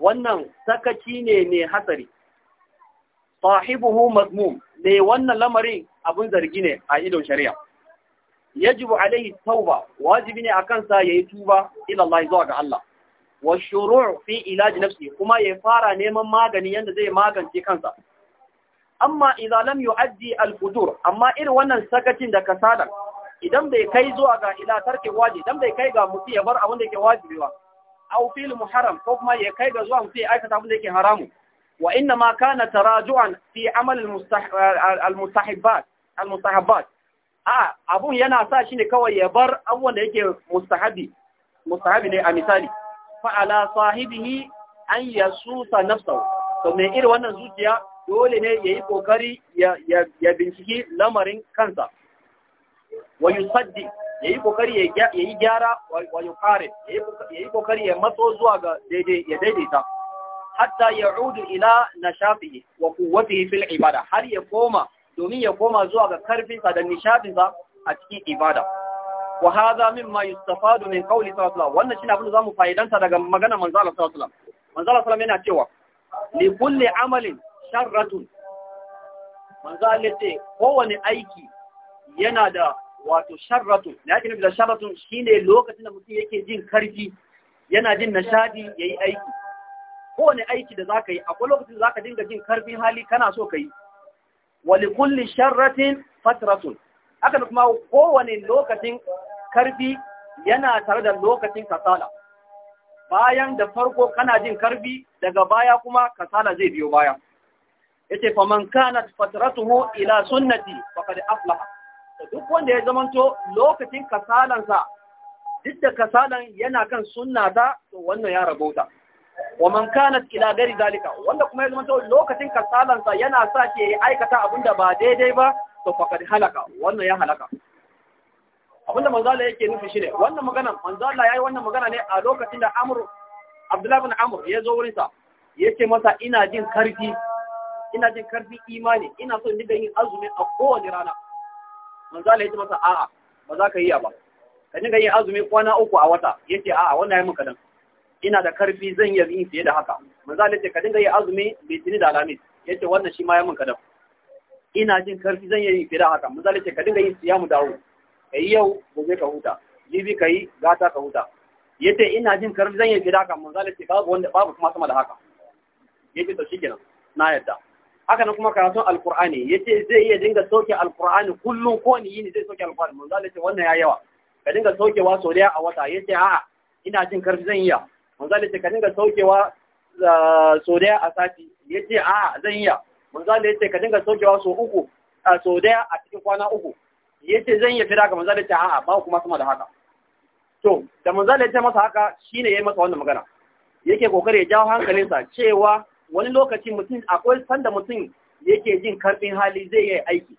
Speaker 1: wannan sakaci ne ne hatsari sahibuhu mazmum ne wannan lamarin abin zargi ne a idon shari'a yajibu alaihi tauba wajibi ne akan sa yayi tuba ila Allah zuwa ga Allah wa shuru' fi ilaji nafsi kuma ya fara neman magani yanda zai magance kansa amma idza lam yu'addi al-futur amma irin wannan sakacin da kasada idan bai kai zuwa ga ila tarki waji idan bai kai ga mutum ya bar abin da yake wajibi ba aw fil muharram ko kuma ya kai ga zuwa mutum ya aikata abin da yake haramu wa inna ma kana taraju'an fi amal al-mustahabbat al-mustahabbat a abun yana sa shi ne kawai ya bar abubuwan da yake mustahabi mustahabi ne a misali fa'ala sahibihi an yi yasusa nafsau
Speaker 2: to me iri wannan
Speaker 1: zuciya dole ne yi kokari ya binciki lamarin kansa wa ya yi kokari ya yi gyara kare ya yi kokari ya matso zuwa ga ya daidaita hatta ya ya'udu ila shafi wa quwwatihi fil ibada har ya koma domin ya koma zuwa ga karfinsa da nishadinsa a cikin ibada wa hadha mimma yustafadu min qawli sallallahu alaihi wasallam wannan shine abin da zamu fa'idanta daga magana manzo Allah sallallahu alaihi wasallam manzo Allah sallallahu yana cewa li kulli amalin sharratun manzo Allah kowane aiki yana da wato sharratun da yake da sharratun shine lokacin da mutum yake jin karfi yana jin nishadi yayi aiki kowane aiki da zaka yi akwai lokacin da zaka dinga jin karfin hali kana so ka yi Walikulli kulli sharratin fatratun hakan kuma kowane lokacin karfi yana tare da lokacin kasala bayan da farko kana jin karfi daga baya kuma kasala zai biyo baya yace faman kanat fatratuhu ila sunnati faqad aflaha duk wanda ya zamanto lokacin kasalansa duk da kasalan yana kan sunnata to wannan ya rabota. wa man kanat ila gari zalika wanda kuma ya zama to lokacin kasalansa yana sa ke ya aikata abinda ba daidai ba to faqad halaka wannan ya halaka abinda manzala yake nufi shine wannan magana manzala yayi wannan magana ne a lokacin da Amr Abdullah ibn Amr ya zo wurin sa yace masa ina jin karfi ina jin karfi imani ina so ni ga yin azumi a kowace rana manzala yace masa a'a ba za ka yi ba ka dinga yin azumi kwana uku a wata yace a'a wannan yayi mun dan ina da karfi zan iya yin fiye da haka manzo Allah ce ka dinga yi azumi litini da alamis yace wannan shi ma ya mun ina jin karfi zan iya yin fiye da haka manzo Allah ce ka dinga yin siyamu dawo kai yau gobe ka huta jibi kai gata ka huta yace ina jin karfi zan iya fiye da haka manzo Allah ce babu wanda babu kuma da haka yace to shikenan na yadda haka nan kuma karatun alqur'ani yace zai iya dinga soke alqur'ani kullun ko ni yini zai soke alqur'ani manzo Allah ce wannan ya yawa ka dinga sokewa sau daya a wata yace a'a ina jin karfi zan iya manzali ce ka dinga saukewa ah, sau daya a sati ya ce a zan yi ya. manzali ya ce ka dinga saukewa so uku a sau daya a cikin kwana uku ya ce zan yi fira ga manzali ce a ba kuma sama da haka to da manzali ya ce masa haka shine ya yi masa wannan magana yake kokari ya jawo hankalinsa cewa wani lokaci mutum akwai sanda mutum yake jin karfin hali zai yi aiki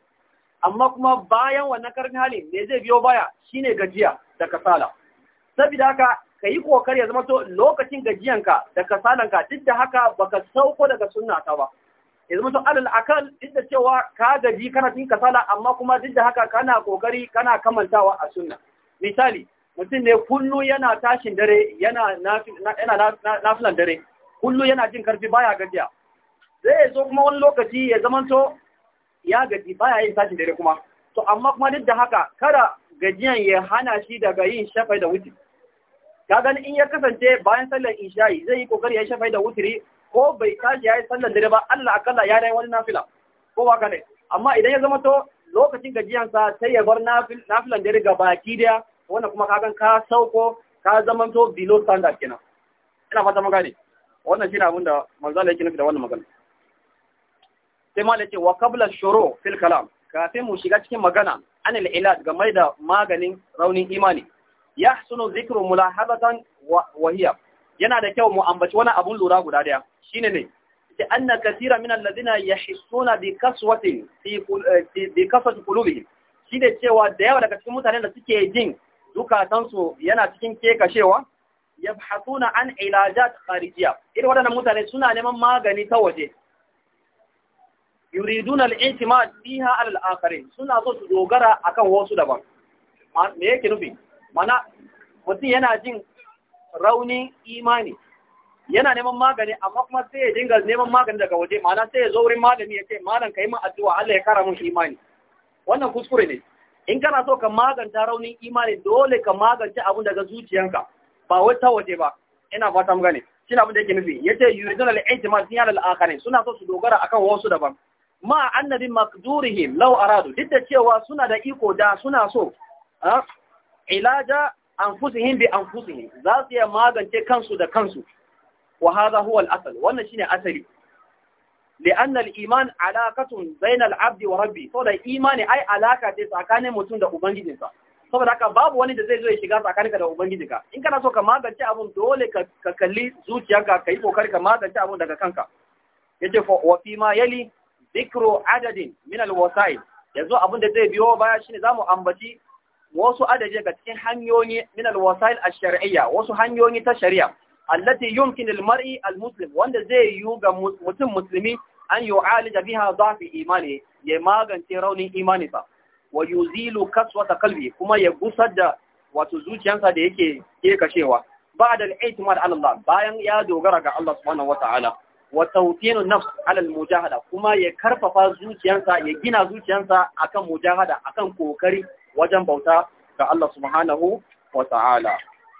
Speaker 1: amma kuma bayan wannan karfin hali ne zai biyo baya shine gajiya da kasala saboda haka ka yi kokari ya zama to lokacin gajiyanka da kasalanka duk da haka baka sauko daga sunna ta ba ya zama to alal akal duk da cewa ka gaji kana cikin kasala amma kuma duk da haka kana kokari kana kamantawa a sunna misali mutum ne kullu yana tashin dare yana yana nafilan dare kullu yana jin karfi baya gajiya zai zo kuma wani lokaci ya zama to ya gaji baya yin tashin dare kuma to amma kuma duk da haka kada gajiyan ya hana shi daga yin shafai da wuce ka gani in ya kasance bayan sallar isha'i zai yi kokari ya shafai da wutiri ko bai tashi ya yi sallar dare ba Allah akalla ya yi wani nafila ko ba ka ne amma idan ya zama to lokacin gajiyansa sai ya bar nafilan dare ga baki daya wannan kuma ka gan ka sauko ka zama to below standard kenan ina fata mun gane wannan shine abin da manzala yake nufi da wannan magana sai ma lace wa qabla shuru fil kalam kafin mu shiga cikin magana anil ilad game da maganin raunin imani yahsunu dhikru mulahabatan wahiya wahiya. yana da kyau mu ambaci wani abun lura guda daya shine ne ta anna ladina min alladhina yahissuna bi kaswati eh, bi kaswati Shi ne cewa da yawa daga cikin mutanen da suke jin zukatansu yana cikin kekashewa yabhasuna an ilajat kharijiya irin waɗannan mutane suna neman magani ta waje yuriduna al-i'timad fiha ala suna so su dogara akan wasu daban me yake nufi mana mutum yana jin raunin imani yana neman magani amma kuma sai ya dinga neman magani daga waje mana sai ya zo wurin malami ya ce malam yi min addu'a Allah ya kara mun imani wannan kuskure ne in kana so ka maganta raunin imani dole ka magance abin daga zuciyanka ba wai ta waje ba ina fata mun gane shi abin da yake nufi yace yuridun al-i'timad sun al-akhirin suna so su dogara akan wasu daban ma annabi maqdurihim law aradu duk da cewa suna da iko da suna so ah, ilaja anfusihim bi anfusihim za su iya magance kansu da kansu wa hadha huwa al-asl wannan shine asali li'anna al-iman alaqatun bayna al-'abdi wa rabbi da imani ai alaka ce tsakanin mutum da ubangijinsa saboda haka babu wani da zai zo ya shiga tsakaninka da ubangijinka in kana so ka magance abun dole ka ka kalli zuciyarka kai kokari ka magance abun daga kanka yace fa wa fi ma yali dhikru adadin min al-wasail yanzu abun da zai biyo baya shine zamu ambaci wasu adadi daga cikin hanyoyi min alwasail ash-shar'iyya wasu hanyoyi ta shari'a allati yumkin al-mar'i al-muslim wanda zai yi ga mutum musulmi an yu'alija biha dhafi imani ya magance raunin imani sa wa yuzilu kaswata qalbi kuma ya gusar da wato zuciyarsa da yake ke kashewa ba'da al-i'timad ala Allah bayan ya dogara ga Allah subhanahu wata'ala wa tawtinu nafs ala al-mujahada kuma ya karfafa zuciyarsa ya gina zuciyarsa akan mujahada akan kokari wajen bauta ga Allah subhanahu wa ta'ala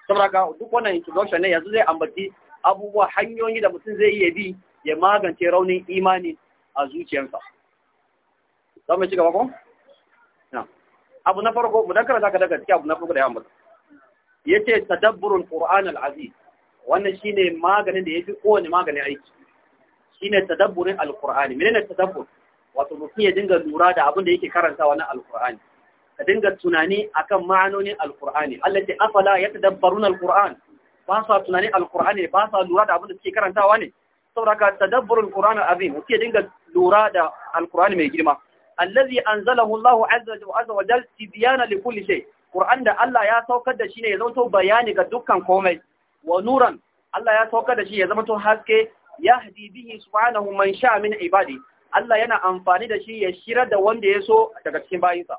Speaker 1: saboda ga duk wannan introduction ne yanzu zai ambaci abubuwa hanyoyi da mutum zai iya bi ya magance raunin imani a zuciyarsa za mu ci gaba ko abu na farko mu dan karanta ka daga cikin abu na farko da ya ambata yace tadabburul qur'an al-aziz wannan shine maganin da ya fi kowane maganin aiki shine tadabburin al-qur'ani menene tadabbur wato mutum ya dinga lura da abin da yake karantawa na al-qur'ani ka dinga tunani akan ma'anonin alkur'ani allati afala yatadabbaruna alkur'an ba sa tunani alkur'ani ba sa lura da abin da suke karantawa ne saboda ka tadabburul qur'an azim muke dinga lura da alkur'ani mai girma allazi anzalahu Allah azza wa jalla tibyana likulli shay qur'an da Allah ya saukar da shi ne ya zama bayani ga dukkan komai wa nuran Allah ya saukar da shi ya zama to haske yahdi bihi subhanahu man sha min ibadi Allah yana amfani da shi ya shirar da wanda ya so daga cikin bayinsa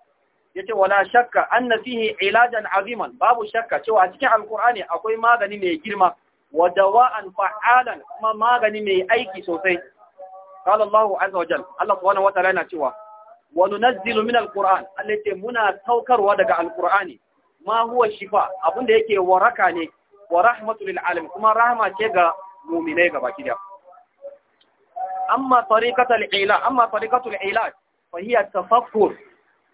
Speaker 1: yace wala shakka anna fihi ilajan aziman babu shakka cewa a cikin alkur'ani akwai magani mai girma wa dawa'an fa'alan kuma magani mai aiki sosai qala Allahu azza wa jalla Allah subhanahu wa yana cewa wa nunazzilu min alqur'an allati muna taukarwa daga alqur'ani ma huwa shifa abinda yake waraka ne wa rahmatul alamin kuma rahma ce ga mu'minai gaba kida amma tariqatul ila amma tariqatul ilaj fa hiya tafakkur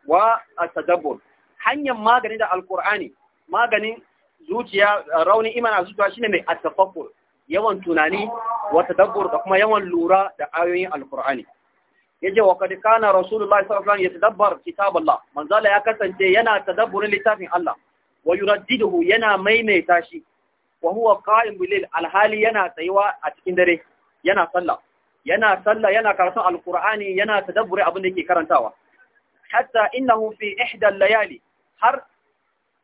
Speaker 1: wa atadabbur hanyar magani da alqur'ani maganin zuciya rauni imana zuciya shine mai atafakkur yawan tunani wa tadabbur da kuma yawan lura da ayoyin alqur'ani yaje wa kad kana rasulullahi sallallahu alaihi wasallam yatadabbar kitaballah manzala ya kasance yana tadabburin littafin Allah wa yuraddiduhu yana maimaita shi wa huwa qa'im bilil? alhali yana tsayuwa a cikin dare yana sallah yana sallah yana karatun alqur'ani yana tadabburi abin da yake karantawa hatta innahu fi ihda layali har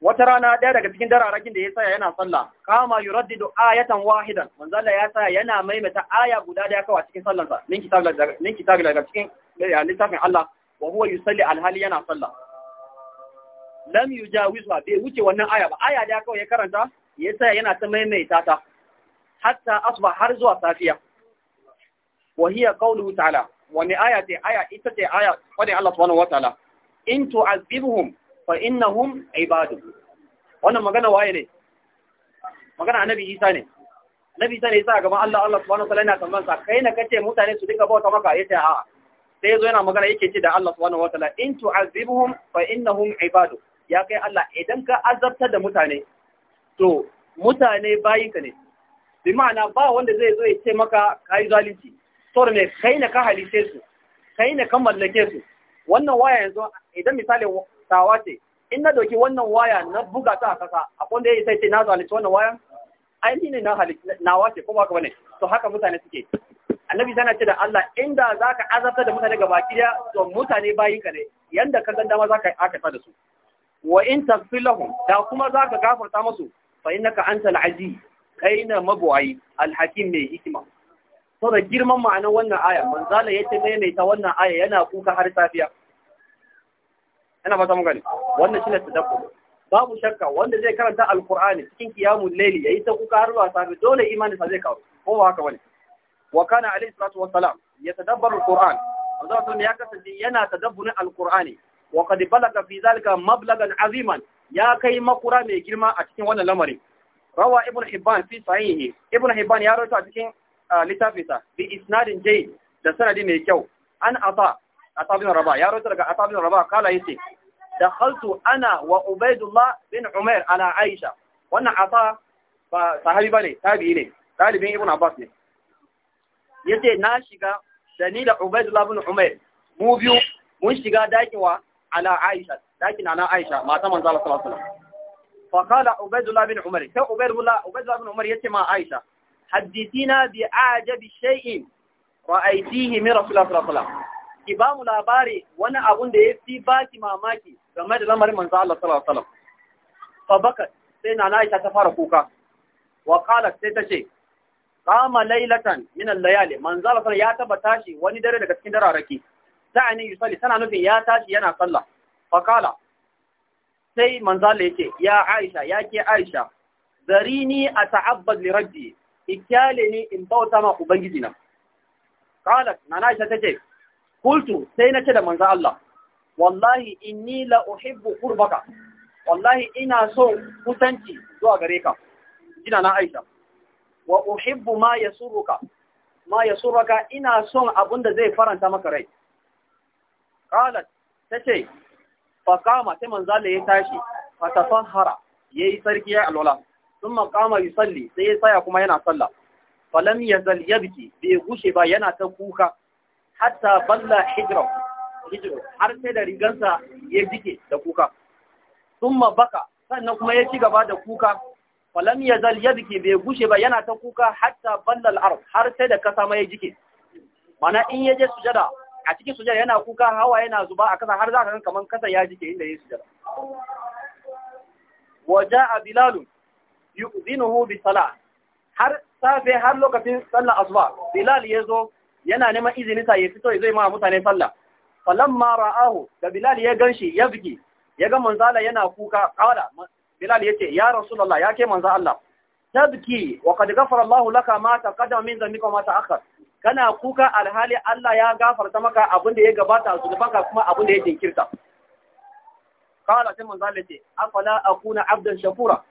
Speaker 1: wata rana daya daga cikin dararakin da ya tsaya yana sallah kama yuraddidu ayatan wahidan manzo Allah ya tsaya yana maimaita aya guda daya kawai cikin sallar sa min kitab min kitab daga cikin eh, littafin Allah wa huwa yusalli alhali yana sallah lam yujawizha bai wuce wannan aya ba aya daya kawai ya karanta ya tsaya yana ta maimaita ta hatta asba har zuwa safiya wa hiya qawluhu ta'ala wani aya ce aya ita ce aya wani Allah subhanahu wataala in tu'azibhum fa innahum ibadu wannan magana waye ne magana annabi Isa ne annabi Isa ne a gaban Allah Allah subhanahu wataala yana tambayan sa kai na kace mutane su dinga bauta maka yace a'a sai yazo yana magana yake ce da Allah subhanahu wataala in tu'azibhum fa innahum ibadu ya kai Allah idan ka azabtar da mutane to mutane bayinka ne bi ma'ana ba wanda zai zo ya ce maka kai zalunci saboda mai kai na ka halice su kai na ka mallake su wannan waya yanzu idan misali tawa ce in na doki wannan waya na buga ta a kasa a kwanda ya sai ce na halice wannan waya? ai ni ne na halice na wace ba ka bane to haka mutane suke annabi tana ce da Allah inda ka azabta da mutane gaba kiya to mutane bayi ka ne yanda ka ganda ma zaka aka da su wa in tafi lahum da kuma zaka gafarta musu fa innaka antal aziz kaina mabuwai alhakim mai hikima saboda girman ma'anar wannan aya manzala ya ce maimaita wannan aya yana kuka har safiya yana fata mun wannan ta tadabbur babu shakka wanda zai karanta alkur'ani cikin kiyamun laili ya yi ta kuka har zuwa safi dole imanin sa zai karu ko haka bane wa kana alayhi salatu wassalam yatadabbaru alqur'an manzala sun ya kasance yana tadabbun alkur'ani wa qad balaga fi zalika mablagan aziman ya kai makura mai girma a cikin wannan lamarin rawa ibn hibban fi sahihi ibn hibban ya rawaito a cikin littafinsa bi isnadin jayyid da sanadi mai kyau an afa a bin raba ya rawaita daga ata raba kala yace da khaltu ana wa ubaidullah bin umair ala aisha wannan afa ba sahabi bane tabi'i ne dalibin ibn abbas ne yace na shiga da ni da ubaidullah bin umair mu biyu mun shiga dakin wa ala aisha dakin ana aisha mata manzo sallallahu alaihi wasallam fa qala ubaidullah bin umair sai ubaidullah ubaidullah bin umair yace ma aisha haddithina bi ajabi shay'in ra'aytihi min rasulullah sallallahu alaihi wasallam ki bamu mu labari wani abun da ya fi baki mamaki game da lamarin manzo Allah sai nana Aisha ta fara kuka wa sai ta ce qama laylatan min al-layali manzo Allah ya taba tashi wani dare daga cikin dararaki sa'ani yusalli tana nufin ya tashi yana sallah Fakala sai manzo Allah ya ce ya Aisha ya ke Aisha zarini ata'abbad li rabbi ikyale ni in bauta ma ubangiji na na na aisha ce, Kultu sai na ce da manzo Allah wallahi inni la uhibbu qurbaka wallahi ina so kusanci zuwa gare ka jina na aisha wa uhibbu ma yasuruka ma yasuruka ina son da zai faranta maka rai qalat tace fa kama sai manzo Allah ya tashi fa tafahara yayi sarki ya alwala thumma qama Salli sai ya tsaya kuma yana sallah falam ya biki bai gushe ba yana ta kuka hatta balla hijira hijra har sai da rigansa ya jike da kuka thumma baka sannan kuma ya ci gaba da kuka falam yazal yabki bai gushe ba yana ta kuka hatta balla al-ard har sai da kasa ma ya jike mana in ya je sujada a cikin sujada yana kuka hawa yana zuba a kasa har za ka ga kaman kasa ya jike inda ya sujada waja a bilalun yu'zinuhu bi salat har safe har lokacin sallar asuba bilal yazo yana neman izini sa ya fito ya zo ma mutane sallah falamma ra'ahu da bilal ya ganshi ya biki ya ga manzala yana kuka kawala bilal yace ya rasulullah ya ke manzo Allah tabki wa qad ghafara Allah laka ma taqaddama min dhanbika ma ta'akhkhar kana kuka alhali Allah ya gafarta maka abin da ya gabata baka kuma abin da ya jinkirta kawala sai manzo Allah yace afala akuna abdan shakura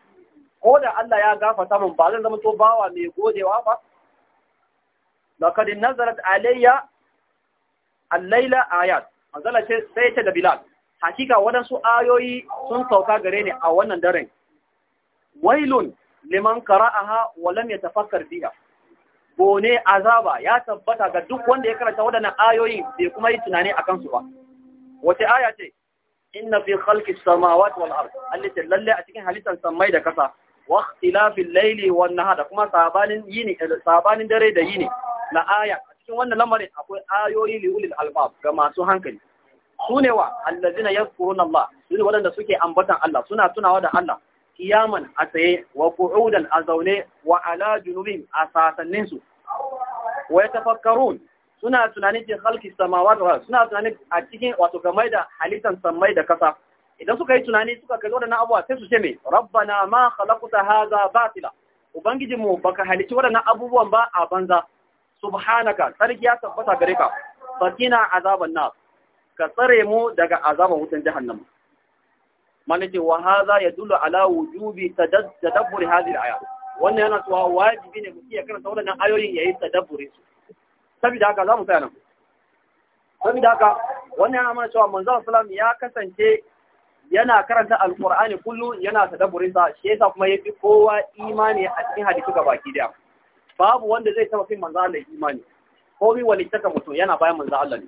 Speaker 1: ko da Allah ya gafa samun ba zan zama to bawa mai godewa ba laqad nazarat alayya al-laila ayat azala ce sai ta da bilal hakika wadansu ayoyi sun sauka gare ni a wannan daren wailun liman qara'aha wa lam yatafakkar fiha bone azaba ya tabbata ga duk wanda ya karanta wadannan ayoyi bai kuma yi tunani akan su ba wace aya ce inna fi khalqis samawati wal ard allati lalle a cikin halittar samai da kasa wa ikhtilafil layli wan nahar kuma sabanin yini eh, sabanin dare da yini na aya cikin wannan lamarin akwai ayoyi li ulil albab ga masu hankali sune wa allazina yadhkuruna Allah sune wadanda suke ambatan Allah suna tunawa da Allah kiyaman a tsaye wa qu'udan a zaune wa ala a sasannin su wa yatafakkarun suna tunanin jin halki samawat suna tunanin a cikin wato game da halittar samai da kasa idan suka yi tunani suka kalli waɗannan abubuwa sai su ce me rabbana ma khalaqta hadha batila ubangiji mu baka halici waɗannan abubuwan ba a banza subhanaka sarki ya tabbata gare ka fakina azaban nar ka tsare mu daga azaban wutan jahannama malaka wa hadha yadullu ala wujubi tadabbur hadhihi al-aya wannan yana cewa wajibi ne mutum ya karanta waɗannan ayoyin yayi tadabburin su saboda haka za mu tsaya nan saboda haka wannan yana mana cewa manzo sallallahu alaihi wasallam ya kasance yana karanta alkur'ani kullu yana tadabburin sa shi yasa kuma yafi kowa imani a cikin hadisi baki daya babu wanda zai taba fin manzo Allah imani ko bi wani taka mutum yana bayan manzo Allah ne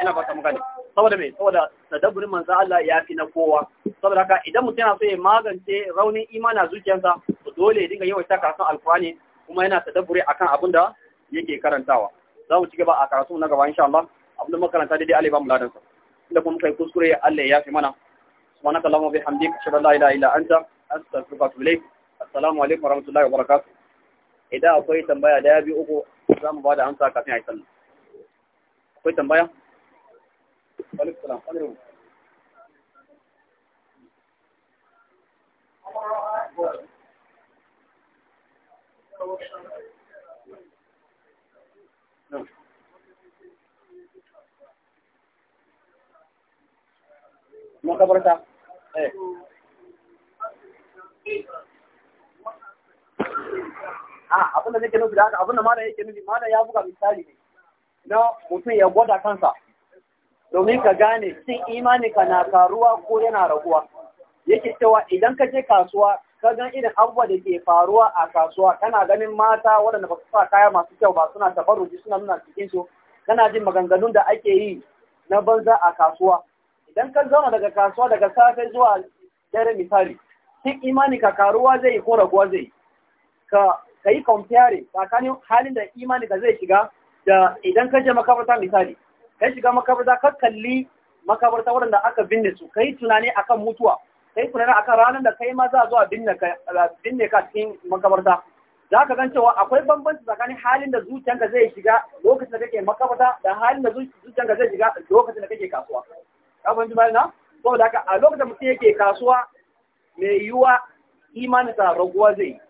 Speaker 1: yana ba ta magana saboda me saboda tadabburin manzo Allah yafi na kowa saboda haka idan mutum yana so ya magance raunin imani a zuciyarsa to dole ya dinga taka karatun alkur'ani kuma yana tadabburi akan abin da yake karantawa za mu ci gaba a karatu na gaba insha Allah abin da makaranta daidai Allah ba mu ladan sa inda kuma kai kuskure Allah ya yafi mana subhanaka allahumma wa atubu ilaik assalamu alaikum a yi sallah akwai tambaya Eh. Ah, abin da nake nufi da haka abin da mana yake nufi mara ya buga misali ne na mutum ya gwada kansa domin ka gane cin imani na karuwa ko yana raguwa yake cewa idan ka je kasuwa ka gan irin abubuwa da ke faruwa a kasuwa kana ganin mata waɗanda ba su sa kaya masu kyau ba suna tabarruji suna nuna cikin su kana jin maganganun da ake yi na banza a kasuwa dan ka zauna daga kasuwa daga safe zuwa dare misali duk imani ka karuwa zai yi ko raguwa zai ka ka yi compare tsakanin halin da imani ka zai shiga da idan ka je makabarta misali ka shiga makabarta ka kalli makabarta waɗanda aka binne su ka yi tunani akan mutuwa ka yi tunani akan ranar da kai ma za a zo a binne ka cikin makabarta za ka gan cewa akwai bambanci tsakanin halin da zuciyanka zai shiga lokacin da kake makabarta da halin da zuciyanka zai shiga lokacin da kake kasuwa kafin ji na saboda haka a lokacin mutum yake kasuwa mai yiwuwa imanisa raguwa zai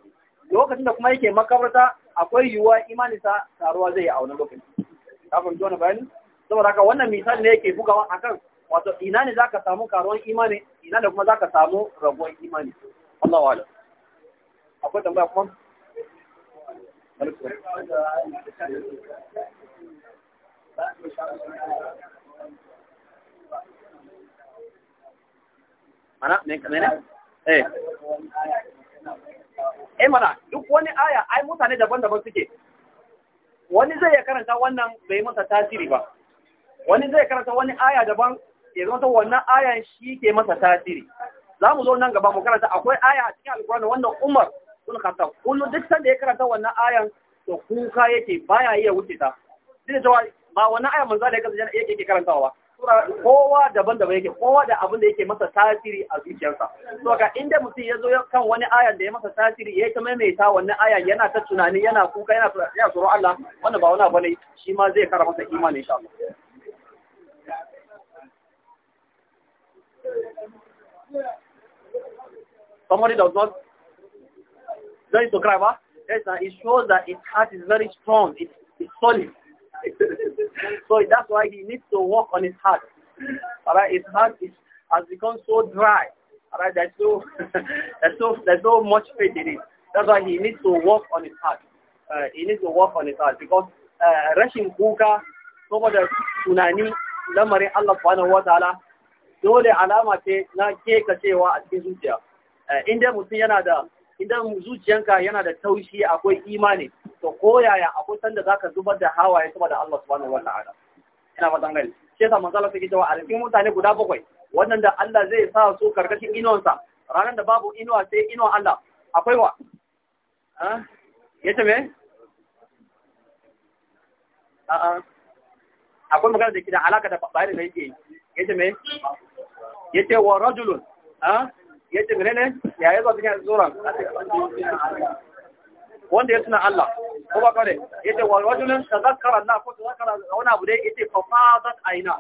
Speaker 1: lokacin da kuma yake makabarta akwai yiwuwa imanisa taruwa zai a wani lokacin kafin ji na bayani saboda haka wannan misali ne yake bugawa akan wato ina ne za ka samu karuwan imani ina ne kuma za ka samu raguwan imani Allah wa'ala akwai tambaya kuma Thank you. mana mene eh eh mana duk wani aya ai mutane daban-daban suke wani zai ya karanta wannan bai masa tasiri ba wani zai karanta wani aya daban ya zama ta wannan ayan shi ke masa tasiri za mu zo nan gaba mu karanta akwai aya a cikin alkurani wannan umar sun karanta kullum duk sanda ya karanta wannan ayan to kuka yake baya iya wuce ta duk da cewa ba wannan aya manzo da ya kasance yake karantawa ba kowa daban-daban yake kowa da abin da yake masa tasiri a zuciyarsa so ka inda mutum ya zo kan wani ayan da ya masa tasiri ya ta maimaita wannan ayan yana ta tunani yana kuka yana ya tsoro Allah wannan ba wani abu ne shi ma zai kara masa imani insha Allah somebody does not going to cry yes it shows that its heart is very strong it's, it's solid so that's why he needs to work on his heart. All right, his heart is, has become so dry. All right, there's so there's so there's so much faith in it. That's why he needs to work on his heart. Uh, he needs to work on his heart because uh, rashin kuka saboda tunani lamarin Allah subhanahu wa wataala dole alama ce na keka cewa a cikin zuciya. Uh, inda mutum yana da inda zuciyanka yana da taushi akwai imani to ko yaya akwai sanda ka zubar da hawaye saboda Allah subhanahu ta'ala ina fatan gani shi yasa manzo Allah yake cewa a cikin mutane guda bakwai da Allah zai sa su karkashin inuwansa ranar da babu inuwa sai inuwa Allah akwai wa ah? yace me a'a akwai magana da kidan alaka da bayani da yake yace me yace wa rajulun ah? ce yace ne? ya yazo cikin zuran wanda ya tuna Allah ko ba kare yace wajen rajulun tazakkara na ko tazakkara wani abu da yace fa fadat aina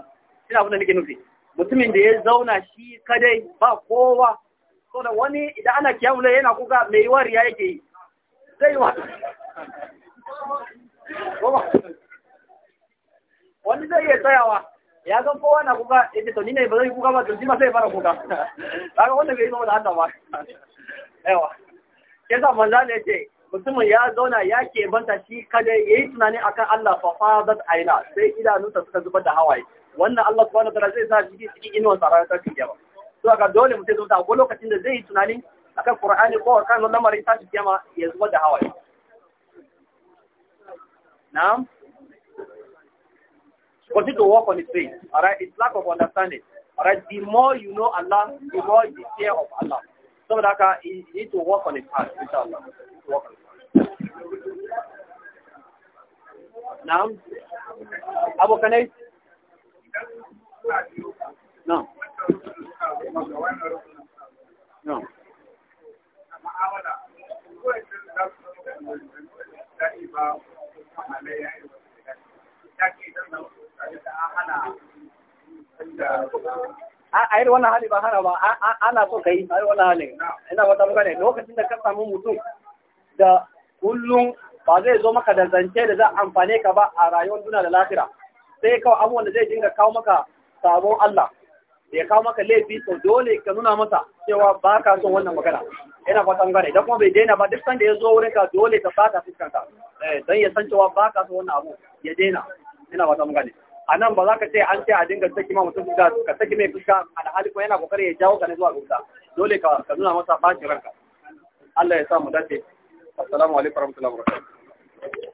Speaker 1: ina abin da nake nufi mutumin da ya zauna shi kadai ba kowa so da wani idan ana kiyamu ne yana kuka mai yiwuwar ya yake yi zai yi wani zai iya tsayawa ya zan kowa na kuka ya ce to ni ne ba zai kuka ba tunji ma sai fara kuka kaga wanda bai yi zama da hanta ba yawa yasa manzan ya ce mutumin ya zauna ya ke banta shi kada ya yi tunani akan Allah fa fadat aina sai idanunsa suka zubar da hawaye wannan Allah subhanahu wataala zai sa shi cikin inuwar sa ranar tashin kiyama to aka dole mutum zai ko lokacin da zai yi tunani akan Qur'ani ko akan lamarin tashin kiyama ya zubar da hawaye na'am to on his all right it's lack of understanding all right the more you know a yi wannan hali ba hana ba ana so ka yi a yi wannan hali ina wata ne lokacin da ka samu mutum da kullum ba zai zo maka da zance da za a amfane ka ba a rayuwar duna da lafira sai kawai abubuwan da zai dinga kawo maka sabon Allah da ya kawo maka laifi to dole ka nuna masa cewa ba ka son wannan magana yana fatan gane don kuma bai daina ba duk sanda ya zo wurin ka dole ka saka fuskanka eh, don ya san cewa ba ka son wannan abu ya daina yana fatan gane a nan ba za ka ce an ce a dinga saki ma mutum fuska ka saki mai fuska da kuma yana kokari ya jawo ka ne zuwa gauta dole ka nuna masa bacin ranka Allah ya sa mu dace assalamu alaikum warahmatullahi wabarakatuh